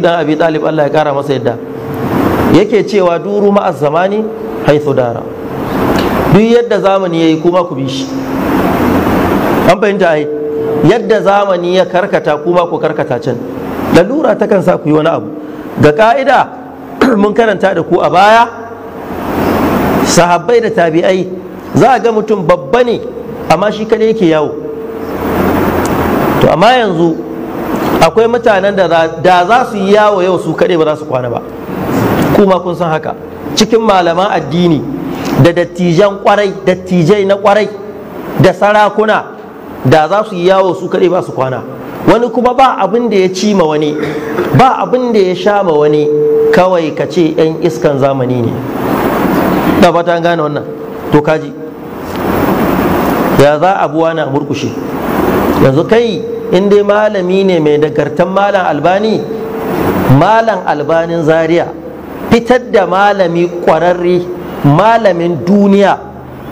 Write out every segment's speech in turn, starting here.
dan abi talib Allah ya kara masa yadda yake cewa duru ma'a zamani haithu dara duk yadda zamani yayi kuma ku bi shi an fahimta ai yadda zamani ya karkata kuma ku karkata can lalura ta kan sa ku yi wani abu ga ka'ida mun karanta da ku a baya sahabbai da tabi'ai za a ga mutum babba ne amma shi kadai yake yawo to amma yanzu akwai mutanen da da za su yi yawo yau su kaɗai ba za su kwana ba kuma kun san haka cikin malaman addini da dattijan kwarai dattijai na kwarai da sarakuna da za su yi yawo su kaɗai ba su kwana wani kuma ba abin da ya ci ma wani ba abin da ya sha ma wani kawai ka ce 'yan iskan zamani ne da ba ta gane wannan to kaji ya za abuwa na murkushe yanzu kai in dai malami ne mai dagartan malam albani malam albanin zaria fitar da malami kwararre, malamin duniya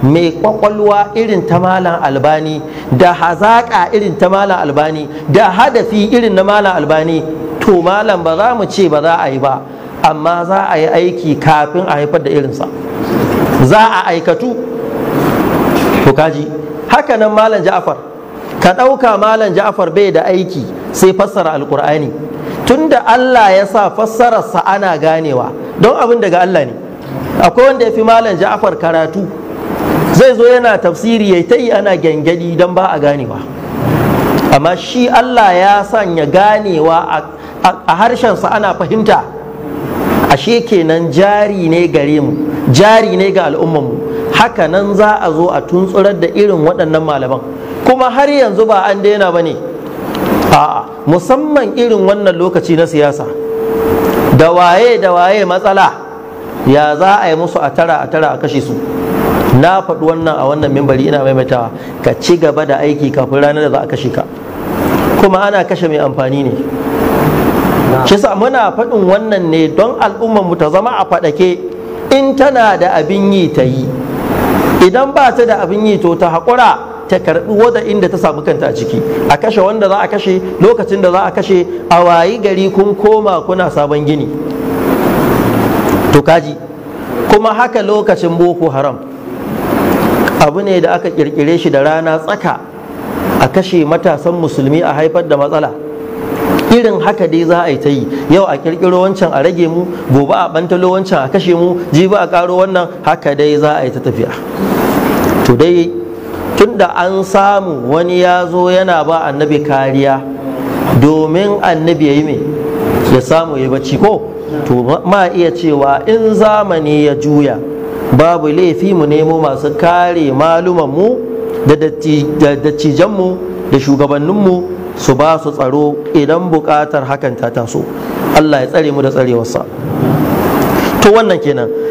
mai kwakwalwa irin ta malam albani da hazaƙa irin ta malam albani da hadafi irin na malam albani to malam ba za mu ce ba za a yi ba amma za a yi aiki kafin a haifar da irinsa za a aikatu to kaji haka nan malam ja'afar ka ɗauka malam ja'far bai da aiki sai fassara alkur'ani tunda Allah ya sa fassararsa ana ganewa don abin daga Allah ne akwai wanda ya fi malam ja'far karatu zai zo yana tafsiri ya ta yi ana gyangyaɗi don ba a ganewa amma shi Allah ya sanya ganewa a harshensa ana fahimta ashe kenan jari ne gare mu jari ne ga al'ummanmu haka nan za a zo a tuntsurar da irin waɗannan malaman kuma har yanzu ba an daina ba ne a'a musamman irin wannan lokaci na siyasa da waye da waye matsala ya za a yi musu a tara a tara a kashe su na faɗi wannan a wannan mimbari ina maimaitawa ka ci gaba da aiki kafin ranar da za a kashe ka kuma ana kashe mai amfani ne shi sa muna faɗin wannan ne don al'ummarmu ta zama a faɗake in tana da abin yi ta yi idan ba ta da abin yi to ta haƙura ta karbi wada inda ta samu kanta a ciki a kashe wanda za a kashe lokacin da za a kashe a wayi gari kun koma kuna sabon gini to kaji kuma haka lokacin boko haram abu ne da aka kirkire shi da rana tsaka a kashe matasan musulmi a haifar da matsala irin haka dai za a yi ta yi yau a kirkiro wancan a rage mu gobe a bantalo wancan a kashe mu jibi a karo wannan haka dai za a yi ta tafiya to Tun da an samu wani ya zo yana ba annabi kariya domin annabi ya yi mai ya samu ya bacci ko to ma iya cewa in zamani ya juya babu laifi mu nemo masu kare malumanmu da dattijanmu da shugabanninmu su ba su tsaro idan buƙatar hakan ta taso Allah ya tsare mu da tsarewarsa to wannan kenan